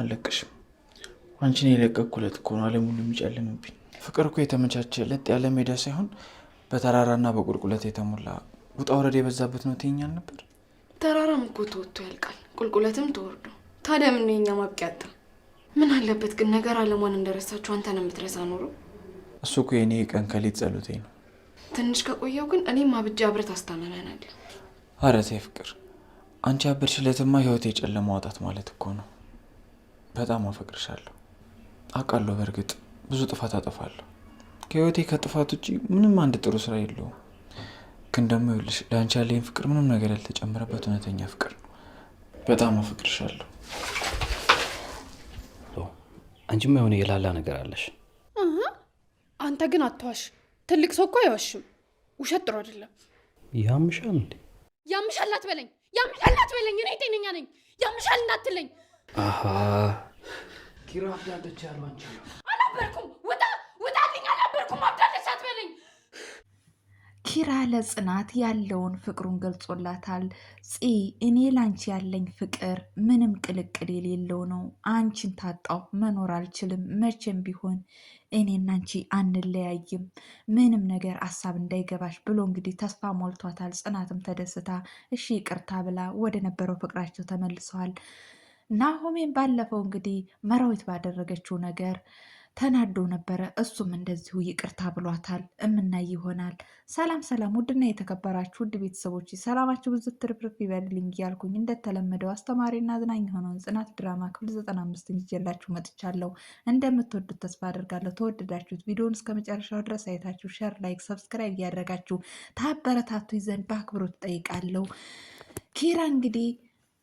አልለቅሽም። አንቺን የለቀኩለት እኮ ነው አለሙን የሚጨልምብኝ። ፍቅር እኮ የተመቻቸ ለጥ ያለ ሜዳ ሳይሆን በተራራና በቁልቁለት የተሞላ ውጣ ውረድ የበዛበት ነው ትኛል ነበር። ተራራም እኮ ተወጥቶ ያልቃል፣ ቁልቁለትም ተወርዶ። ታዲያ ምን የኛ ማብቂያጣ? ምን አለበት ግን ነገር አለሟን እንደረሳችሁ አንተን የምትረሳ ኖሮ። እሱ እኮ የኔ ቀን ከሌት ጸሎቴ ነው። ትንሽ ከቆየው ግን እኔም አብጃ ብረት አስታመመናል። አረ ተይ ፍቅር፣ አንቺ አበድሽለትማ ህይወት የጨለማ ወጣት ማለት እኮ ነው። በጣም አፈቅርሻለሁ። አውቃለሁ፣ በእርግጥ ብዙ ጥፋት አጠፋለሁ። ከህይወቴ ከጥፋት ውጭ ምንም አንድ ጥሩ ስራ የለውም። ግን ደግሞ ይኸውልሽ ለአንቺ ያለኝ ፍቅር ምንም ነገር ያልተጨመረበት እውነተኛ ፍቅር ነው። በጣም አፈቅርሻለሁ። አንቺም የሆነ የላላ ነገር አለሽ። አንተ ግን አትዋሽ። ትልቅ ሰው እኮ አይዋሽም። ውሸት ጥሩ አይደለም። ያምሻል እንዴ? ያምሻል አትበለኝ፣ ያምሻል አትበለኝ። እኔ ጤነኛ ነኝ። ያምሻል ኪራ አብዳለች ያሉ አንቺ አልነበርኩም። ውጣ ውጣልኝ! አልነበርኩም። አብዳለች አትበለኝ። ኪራ ለጽናት ያለውን ፍቅሩን ገልጾላታል። ፂ እኔ ላንቺ ያለኝ ፍቅር ምንም ቅልቅል የሌለው ነው። አንቺን ታጣው መኖር አልችልም። መቼም ቢሆን እኔና አንቺ አንለያይም፣ ምንም ነገር ሀሳብ እንዳይገባሽ ብሎ እንግዲህ ተስፋ ሞልቷታል። ጽናትም ተደስታ እሺ ይቅርታ ብላ ወደ ነበረው ፍቅራቸው ተመልሰዋል። ናሆሜን ባለፈው እንግዲህ መራዊት ባደረገችው ነገር ተናዶ ነበረ። እሱም እንደዚሁ ይቅርታ ብሏታል። እምናይ ይሆናል። ሰላም ሰላም! ውድና የተከበራችሁ ውድ ቤተሰቦች ሰላማችሁ ብዙ ትርፍርፍ ይበልልኝ እያልኩኝ እንደተለመደው አስተማሪና አዝናኝ የሆነውን ጽናት ድራማ ክፍል 95ን ይዤላችሁ መጥቻለሁ። እንደምትወዱት ተስፋ አድርጋለሁ። ተወደዳችሁት ቪዲዮን እስከ መጨረሻው ድረስ አይታችሁ ሸር፣ ላይክ፣ ሰብስክራይብ እያደረጋችሁ ታበረታቱ ዘንድ በአክብሮት ጠይቃለሁ። ኪራ እንግዲህ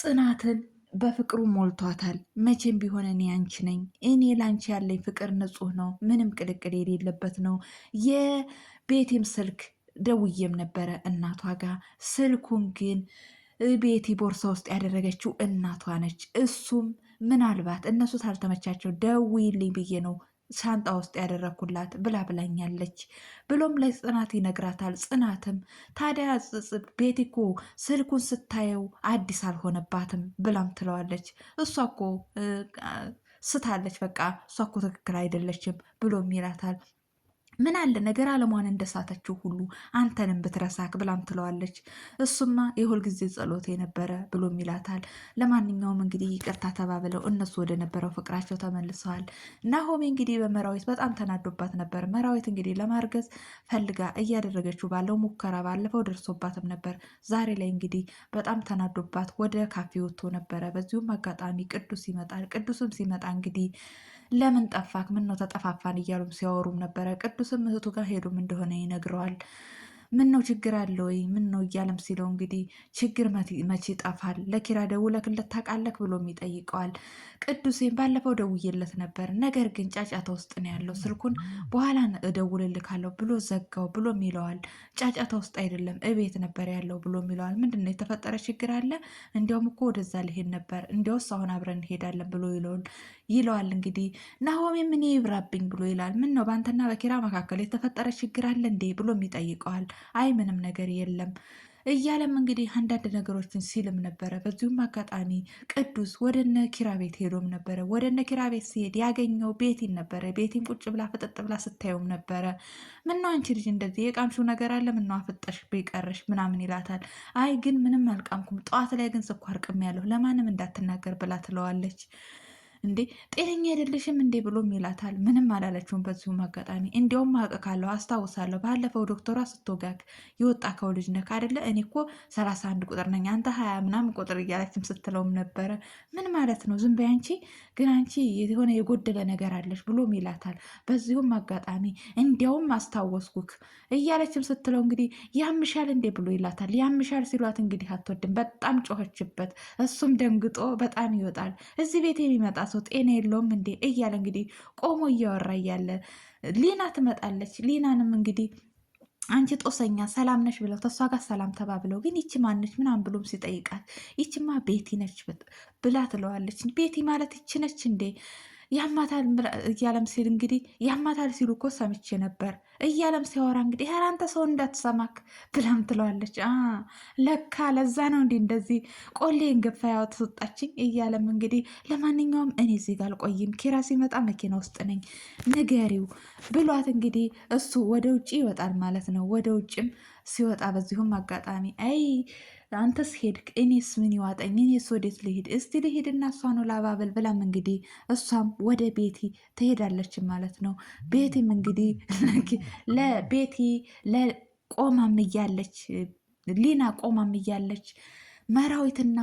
ጽናትን በፍቅሩ ሞልቷታል። መቼም ቢሆን እኔ አንቺ ነኝ፣ እኔ ላንቺ ያለኝ ፍቅር ንጹህ ነው፣ ምንም ቅልቅል የሌለበት ነው። የቤቴም ስልክ ደውዬም ነበረ እናቷ ጋር። ስልኩን ግን ቤቲ ቦርሳ ውስጥ ያደረገችው እናቷ ነች። እሱም ምናልባት እነሱ ታልተመቻቸው ደውይልኝ ብዬ ነው ሻንጣ ውስጥ ያደረግኩላት ብላ ብላኛለች ብሎም ለጽናት ይነግራታል። ጽናትም ታዲያ ቤቲ እኮ ስልኩን ስታየው አዲስ አልሆነባትም ብላም ትለዋለች። እሷ እኮ ስታለች፣ በቃ እሷ እኮ ትክክል አይደለችም ብሎም ይላታል። ምን አለ ነገር አለሟን እንደሳተችው ሁሉ አንተንም ብትረሳክ ብላም ትለዋለች። እሱማ የሁልጊዜ ጸሎት የነበረ ብሎም ይላታል። ለማንኛውም እንግዲህ ይቅርታ ተባብለው እነሱ ወደ ነበረው ፍቅራቸው ተመልሰዋል። ናሆሜ እንግዲህ በመራዊት በጣም ተናዶባት ነበር። መራዊት እንግዲህ ለማርገዝ ፈልጋ እያደረገችው ባለው ሙከራ ባለፈው ደርሶባትም ነበር። ዛሬ ላይ እንግዲህ በጣም ተናዶባት ወደ ካፌ ወጥቶ ነበረ። በዚሁም አጋጣሚ ቅዱስ ይመጣል። ቅዱስም ሲመጣ እንግዲህ ለምን ጠፋክ? ምን ነው ተጠፋፋን? እያሉም ሲያወሩም ነበረ። ቅዱስም እህቱ ጋር ሄዱም እንደሆነ ይነግረዋል። ምን ነው ችግር አለ ወይ ምን ነው እያለም ሲለው እንግዲህ ችግር መቼ ይጠፋል ለኪራ ደውለክለት ታውቃለህ ብሎም ይጠይቀዋል። ቅዱሴን ባለፈው ደውዬለት ነበር፣ ነገር ግን ጫጫታ ውስጥ ነው ያለው ስልኩን በኋላ እደውልልካለሁ ብሎ ዘጋው ብሎም ይለዋል። ጫጫታ ውስጥ አይደለም እቤት ነበር ያለው ብሎም ይለዋል። ምንድን ነው የተፈጠረ ችግር አለ? እንዲያውም እኮ ወደዛ ልሄድ ነበር፣ እንዲያውስ አሁን አብረን እንሄዳለን ብሎ ይለውን ይለዋል። እንግዲህ ናሆሜም ምን ይብራብኝ ብሎ ይላል። ምን ነው በአንተና በኪራ መካከል የተፈጠረ ችግር አለ እንዴ ብሎም ይጠይቀዋል። አይ ምንም ነገር የለም እያለም እንግዲህ አንዳንድ ነገሮችን ሲልም ነበረ። በዚሁም አጋጣሚ ቅዱስ ወደነ ኪራ ቤት ሄዶም ነበረ። ወደነ ኪራ ቤት ሲሄድ ያገኘው ቤቲን ነበረ። ቤቲን ቁጭ ብላ ፍጥጥ ብላ ስታየውም ነበረ። ምነው አንቺ ልጅ እንደዚህ የቃምሽው ነገር አለ? ምነው አፈጠሽ ቢቀርሽ ምናምን ይላታል። አይ ግን ምንም አልቃምኩም፣ ጠዋት ላይ ግን ስኳር ቅም ያለሁ ለማንም እንዳትናገር ብላ ትለዋለች። እንዴ ጤነኛ አይደለሽም እንዴ ብሎም ይላታል። ምንም አላለችውም። በዚሁም አጋጣሚ እንዲያውም አውቅካለሁ፣ አስታውሳለሁ ባለፈው ዶክተሯ ስትወጋግ የወጣከው ልጅ ነህ አይደለ? እኔ እኮ ሰላሳ አንድ ቁጥር ነኝ አንተ ሀያ ምናምን ቁጥር እያለችም ስትለውም ነበረ። ምን ማለት ነው? ዝም በይ አንቺ ግን አንቺ የሆነ የጎደለ ነገር አለሽ ብሎም ይላታል። በዚሁም አጋጣሚ እንዲያውም አስታወስኩክ እያለችም ስትለው እንግዲህ ያምሻል እንዴ ብሎ ይላታል። ያምሻል ሲሏት እንግዲህ አትወድም። በጣም ጮኸችበት። እሱም ደንግጦ በጣም ይወጣል። እዚህ ቤት የሚመጣ ሰው ጤና የለውም እንዴ እያለ እንግዲህ ቆሞ እያወራ እያለ ሊና ትመጣለች። ሊናንም እንግዲህ አንቺ ጦሰኛ ሰላም ነሽ ብለው ተሷ ጋር ሰላም ተባብለው ግን ይቺ ማነች ምናምን ብሎም ሲጠይቃት ይችማ ቤቲ ነች ብላ ትለዋለች። ቤቲ ማለት ይቺ ነች እንዴ ያማታል እያለም ሲል እንግዲህ ያማታል ሲሉ እኮ ሰምቼ ነበር እያለም ሲያወራ እንግዲህ ኧረ አንተ ሰው እንዳትሰማክ ብለም ትለዋለች። ለካ ለዛ ነው እንዲ እንደዚህ ቆሌን ገፋ ተሰጣችኝ እያለም እንግዲህ ለማንኛውም እኔ እዚህ ጋር አልቆይም፣ ኪራ ሲመጣ መኪና ውስጥ ነኝ ንገሪው ብሏት እንግዲህ እሱ ወደ ውጭ ይወጣል ማለት ነው። ወደ ውጭም ሲወጣ በዚሁም አጋጣሚ አይ አንተስ ሄድክ፣ እኔስ ምን ይዋጠኝ? እኔስ ወዴት ልሄድ? እስቲ ልሄድና እሷ ነው ላባበል ብላም እንግዲህ እሷም ወደ ቤቲ ትሄዳለች ማለት ነው። ቤቲም እንግዲህ ለቤቲ ለቆማም እያለች ሊና ቆማም እያለች መራዊትና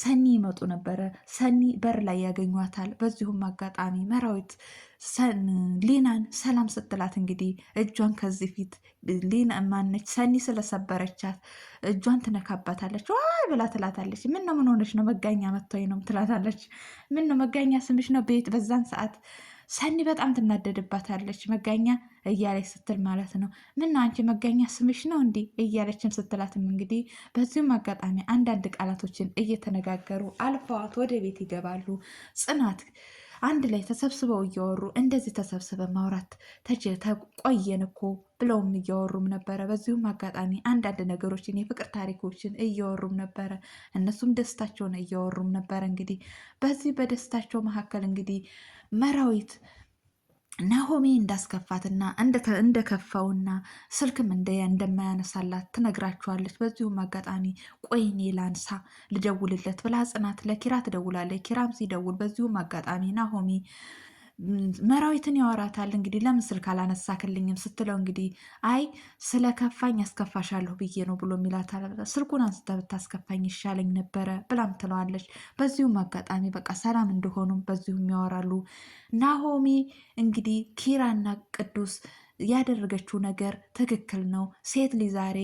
ሰኒ ይመጡ ነበረ። ሰኒ በር ላይ ያገኟታል። በዚሁም አጋጣሚ መራዊት ሊናን ሰላም ስትላት እንግዲህ እጇን ከዚህ ፊት ሊና ማነች ሰኒ ስለሰበረቻት እጇን ትነካባታለች። ዋይ ብላ ትላታለች። ምን ነው ምን ሆነች ነው መጋኛ መጥቶኝ ነው ትላታለች። ምን ነው መጋኛ ስምሽ ነው ቤት በዛን ሰዓት ሰኒ በጣም ትናደድባታለች። መጋኛ እያለች ስትል ማለት ነው። ምን አንቺ መጋኛ ስምሽ ነው እንዲህ እያለችም ስትላትም እንግዲህ በዚሁም አጋጣሚ አንዳንድ ቃላቶችን እየተነጋገሩ አልፈዋት ወደ ቤት ይገባሉ። ጽናት አንድ ላይ ተሰብስበው እያወሩ እንደዚህ ተሰብስበ ማውራት ተቆየን እኮ ብለውም እያወሩም ነበረ። በዚሁም አጋጣሚ አንዳንድ ነገሮችን የፍቅር ታሪኮችን እያወሩም ነበረ። እነሱም ደስታቸውን እያወሩም ነበረ። እንግዲህ በዚህ በደስታቸው መካከል እንግዲህ መራዊት ናሆሜ እንዳስከፋትና እንደከፋውና ስልክም እንደማያነሳላት ትነግራችኋለች። በዚሁም አጋጣሚ ቆይኔ ላንሳ ልደውልለት ብላ ጽናት ለኪራ ትደውላለች። ኪራም ሲደውል በዚሁም አጋጣሚ ናሆሜ መራዊትን ያወራታል። እንግዲህ ለምን ስልክ አላነሳክልኝም ስትለው እንግዲህ አይ ስለከፋኝ ያስከፋሻለሁ ብዬ ነው ብሎ የሚላታል። ስልኩን አንስተ ብታስከፋኝ ይሻለኝ ነበረ ብላም ትለዋለች። በዚሁም አጋጣሚ በቃ ሰላም እንደሆኑም በዚሁም ያወራሉ። ናሆሚ እንግዲህ ኪራና ቅዱስ ያደረገችው ነገር ትክክል ነው ሴት ሊዛሬ።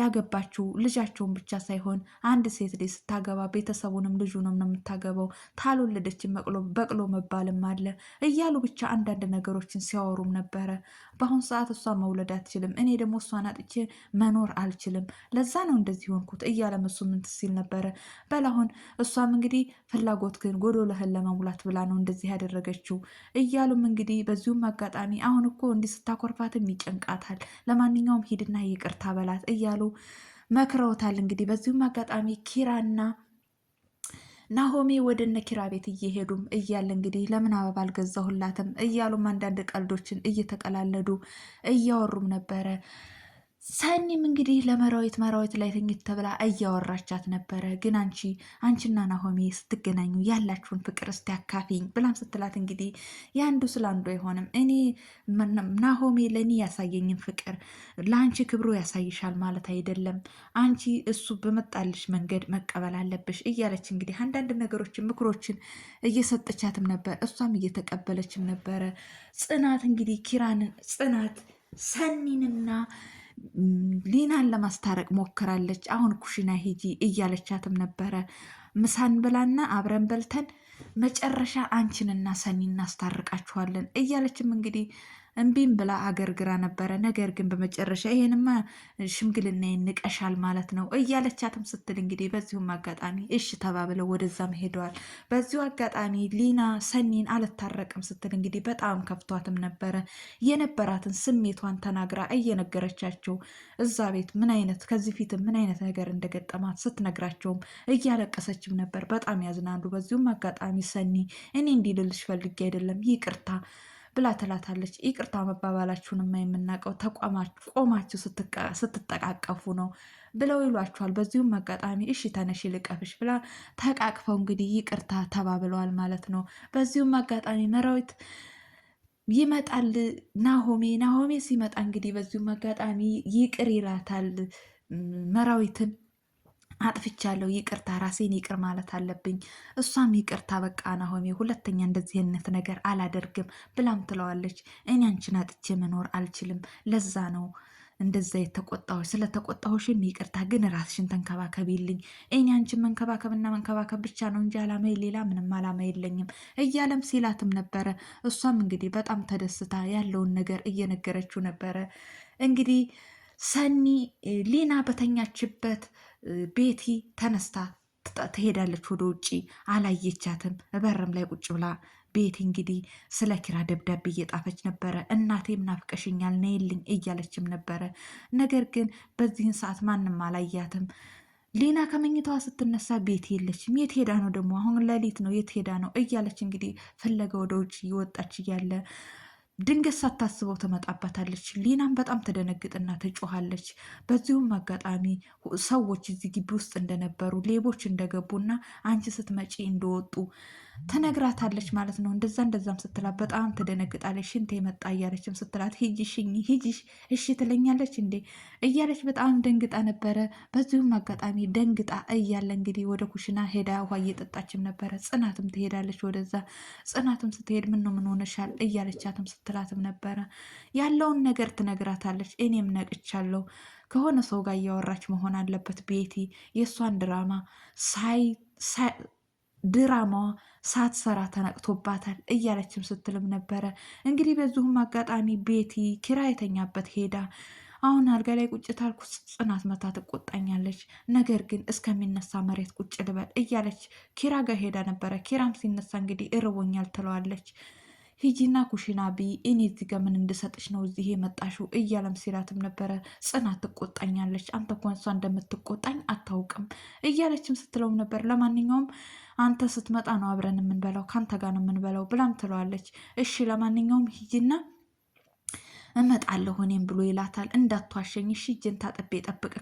ያገባችው ልጃቸውን ብቻ ሳይሆን አንድ ሴት ልጅ ስታገባ ቤተሰቡንም ልጁንም ነው የምታገባው። ታልወለደችን በቅሎ መባልም አለ እያሉ ብቻ አንዳንድ ነገሮችን ሲያወሩም ነበረ። በአሁኑ ሰዓት እሷ መውለድ አትችልም፣ እኔ ደግሞ እሷን አጥቼ መኖር አልችልም፣ ለዛ ነው እንደዚህ ሆንኩት እያለም እሱ ምንት ሲል ነበረ። በላሁን እሷም እንግዲህ ፍላጎት ግን ጎዶልህን ለመሙላት ብላ ነው እንደዚህ ያደረገችው እያሉም እንግዲህ በዚሁም አጋጣሚ አሁን እኮ እንዲህ ስታኮርፋትም ይጨንቃታል፣ ለማንኛውም ሂድና ይቅርታ በላት እያ እንዳሉ መክረውታል። እንግዲህ በዚሁም አጋጣሚ ኪራና ናሆሜ ወደ እነ ኪራ ቤት እየሄዱም እያለ እንግዲህ ለምን አበባ አልገዛሁላትም እያሉም አንዳንድ ቀልዶችን እየተቀላለዱ እያወሩም ነበረ። ሰኒም እንግዲህ ለመራዊት መራዊት ላይ ተኝት ተብላ እያወራቻት ነበረ። ግን አንቺ አንቺና ናሆሜ ስትገናኙ ያላችሁን ፍቅር እስቲ አካፊኝ ብላም ስትላት እንግዲህ የአንዱ ስለ አንዱ አይሆንም። እኔ ናሆሜ ለእኔ ያሳየኝን ፍቅር ለአንቺ ክብሮ ያሳይሻል ማለት አይደለም። አንቺ እሱ በመጣልሽ መንገድ መቀበል አለብሽ እያለች እንግዲህ አንዳንድ ነገሮችን ምክሮችን እየሰጠቻትም ነበር። እሷም እየተቀበለችም ነበረ። ጽናት እንግዲህ ኪራንን ጽናት ሰኒንና ሊናን ለማስታረቅ ሞክራለች። አሁን ኩሽና ሂጂ እያለቻትም ነበረ። ምሳን ብላና አብረን በልተን መጨረሻ አንቺንና ሰኒ እናስታርቃችኋለን እያለችም እንግዲህ እምቢም ብላ አገር ግራ ነበረ። ነገር ግን በመጨረሻ ይሄንማ ሽምግልና ይንቀሻል ማለት ነው እያለቻትም ስትል እንግዲህ በዚሁም አጋጣሚ እሽ ተባብለው ወደዛም ሄደዋል። በዚሁ አጋጣሚ ሊና ሰኒን አልታረቅም ስትል እንግዲህ በጣም ከፍቷትም ነበረ። የነበራትን ስሜቷን ተናግራ እየነገረቻቸው እዛ ቤት ምን አይነት ከዚህ ፊትም ምን አይነት ነገር እንደገጠማት ስትነግራቸውም እያለቀሰችም ነበር። በጣም ያዝናሉ። በዚሁም አጋጣሚ ሰኒ እኔ እንዲልልሽ ፈልጌ አይደለም ይቅርታ ብላ ትላታለች። ይቅርታ መባባላችሁንማ የምናውቀው ተቋማችሁ ቆማችሁ ስትጠቃቀፉ ነው ብለው ይሏችኋል። በዚሁም አጋጣሚ እሺ ተነሽ ልቀፍሽ ብላ ተቃቅፈው እንግዲህ ይቅርታ ተባብለዋል ማለት ነው። በዚሁም አጋጣሚ መራዊት ይመጣል ናሆሜ። ናሆሜ ሲመጣ እንግዲህ በዚሁም አጋጣሚ ይቅር ይላታል መራዊትን አጥፍቻለሁ፣ ይቅርታ፣ ራሴን ይቅር ማለት አለብኝ። እሷም ይቅርታ በቃ ናሆሜ፣ ሁለተኛ እንደዚህ አይነት ነገር አላደርግም ብላም ትለዋለች። እኔ አንቺን አጥቼ መኖር አልችልም፣ ለዛ ነው እንደዛ የተቆጣዎች። ስለተቆጣሁሽም ይቅርታ፣ ግን ራስሽን ተንከባከቢልኝ። እኔ አንቺን መንከባከብና መንከባከብ ብቻ ነው እንጂ አላማ ሌላ ምንም አላማ የለኝም እያለም ሲላትም ነበረ። እሷም እንግዲህ በጣም ተደስታ ያለውን ነገር እየነገረችው ነበረ እንግዲህ ሰኒ ሊና በተኛችበት ቤቲ ተነስታ ትሄዳለች ወደ ውጭ። አላየቻትም። በርም ላይ ቁጭ ብላ ቤቲ እንግዲህ ስለ ኪራ ደብዳቤ እየጣፈች ነበረ። እናቴም ናፍቀሽኛል ነይልኝ እያለችም ነበረ። ነገር ግን በዚህን ሰዓት ማንም አላያትም። ሊና ከመኝታዋ ስትነሳ ቤት የለችም። የት ሄዳ ነው ደግሞ? አሁን ሌሊት ነው፣ የት ሄዳ ነው እያለች እንግዲህ ፍለጋ ወደ ውጭ እየወጣች እያለ ድንገት ሳታስበው ትመጣባታለች። ሊናም በጣም ትደነግጥና ትጮሃለች በዚሁም አጋጣሚ ሰዎች እዚህ ግቢ ውስጥ እንደነበሩ ሌቦች እንደገቡና አንቺ ስትመጪ እንደወጡ ትነግራታለች ማለት ነው። እንደዛ እንደዛም ስትላት በጣም ትደነግጣለች። ሽንቴ መጣ እያለችም ስትላት ሂጂ ሽኝ ሂጂ እሺ ትለኛለች እንዴ እያለች በጣም ደንግጣ ነበረ። በዚሁም አጋጣሚ ደንግጣ እያለ እንግዲህ ወደ ኩሽና ሄዳ ውሃ እየጠጣችም ነበረ። ጽናትም ትሄዳለች ወደዛ። ጽናትም ስትሄድ ምን ነው ምን ሆነሻል እያለቻትም ስትላትም ነበረ። ያለውን ነገር ትነግራታለች። እኔም ነቅቻለሁ ከሆነ ሰው ጋር እያወራች መሆን አለበት ቤቲ የእሷን ድራማ ሳይ ድራማዋ ሳትሰራ ተነቅቶባታል እያለችም ስትልም ነበረ። እንግዲህ በዚሁም አጋጣሚ ቤቲ ኪራ የተኛበት ሄዳ አሁን አልጋ ላይ ቁጭ ታልኩ ጽናት መታ ትቆጣኛለች፣ ነገር ግን እስከሚነሳ መሬት ቁጭ ልበል እያለች ኪራ ጋር ሄዳ ነበረ። ኪራም ሲነሳ እንግዲህ እርቦኛል ትለዋለች። ሂጂና ኩሽና ብይ፣ እኔ እዚህ ጋር ምን እንድሰጥሽ ነው እዚህ የመጣሽው? እያለም ሲላትም ነበረ። ጽናት ትቆጣኛለች፣ አንተ እኮ እሷ እንደምትቆጣኝ አታውቅም እያለችም ስትለውም ነበር። ለማንኛውም አንተ ስትመጣ ነው አብረን የምንበላው፣ ከአንተ ጋር ነው የምንበላው ብላም ትለዋለች። እሺ ለማንኛውም ሂጂና እመጣለሁ እኔም ብሎ ይላታል። እንዳትዋሸኝ እሺ፣ እጄን ታጥቤ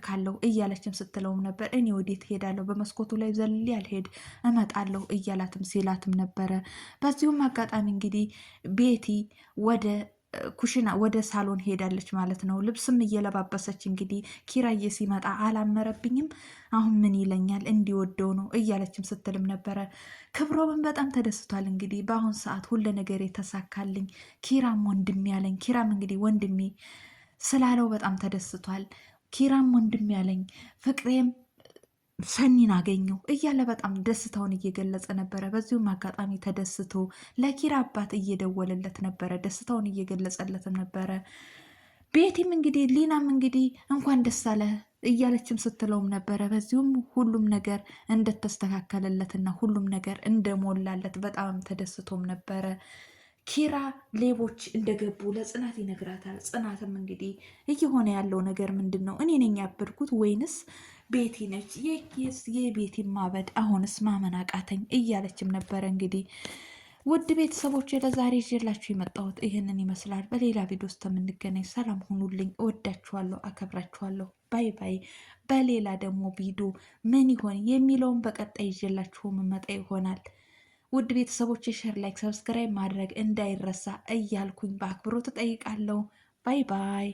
ካለው እያለችም ስትለውም ነበር። እኔ ወዴት እሄዳለሁ? በመስኮቱ ላይ ዘል ያልሄድ እመጣለሁ እያላትም ሲላትም ነበረ። በዚሁም አጋጣሚ እንግዲህ ቤቲ ወደ ኩሽና ወደ ሳሎን ሄዳለች ማለት ነው። ልብስም እየለባበሰች እንግዲህ ኪራዬ ሲመጣ አላመረብኝም፣ አሁን ምን ይለኛል እንዲወደው ነው እያለችም ስትልም ነበረ። ክብሮምን በጣም ተደስቷል። እንግዲህ በአሁን ሰዓት ሁለ ነገር የተሳካልኝ ኪራም ወንድሜ ያለኝ ኪራም እንግዲህ ወንድሜ ስላለው በጣም ተደስቷል። ኪራም ወንድሜ ያለኝ ፍቅሬም ሰኒን አገኘው እያለ በጣም ደስታውን እየገለጸ ነበረ። በዚሁም አጋጣሚ ተደስቶ ለኪራ አባት እየደወለለት ነበረ፣ ደስታውን እየገለጸለትም ነበረ። ቤቲም እንግዲህ ሊናም እንግዲህ እንኳን ደስ አለ እያለችም ስትለውም ነበረ። በዚሁም ሁሉም ነገር እንደተስተካከለለትና ሁሉም ነገር እንደሞላለት በጣም ተደስቶም ነበረ። ኪራ ሌቦች እንደገቡ ለጽናት ይነግራታል። ጽናትም እንግዲህ እየሆነ ያለው ነገር ምንድን ነው? እኔ ነኝ ያበድኩት ወይንስ ቤቲ ነች? የቤቲን ማበድ አሁንስ ማመን አቃተኝ እያለችም ነበረ። እንግዲህ ውድ ቤተሰቦች ለዛሬ ይዤላችሁ የመጣሁት ይህንን ይመስላል። በሌላ ቪዲዮ ውስጥ የምንገናኝ። ሰላም ሁኑልኝ። እወዳችኋለሁ፣ አከብራችኋለሁ። ባይ ባይ። በሌላ ደግሞ ቪዲዮ ምን ይሆን የሚለውን በቀጣይ ይዤላችሁ መመጣ ይሆናል። ውድ ቤተሰቦች ሼር፣ ላይክ፣ ሰብስክራይብ ማድረግ እንዳይረሳ እያልኩኝ በአክብሮት እጠይቃለሁ። ባይ ባይ።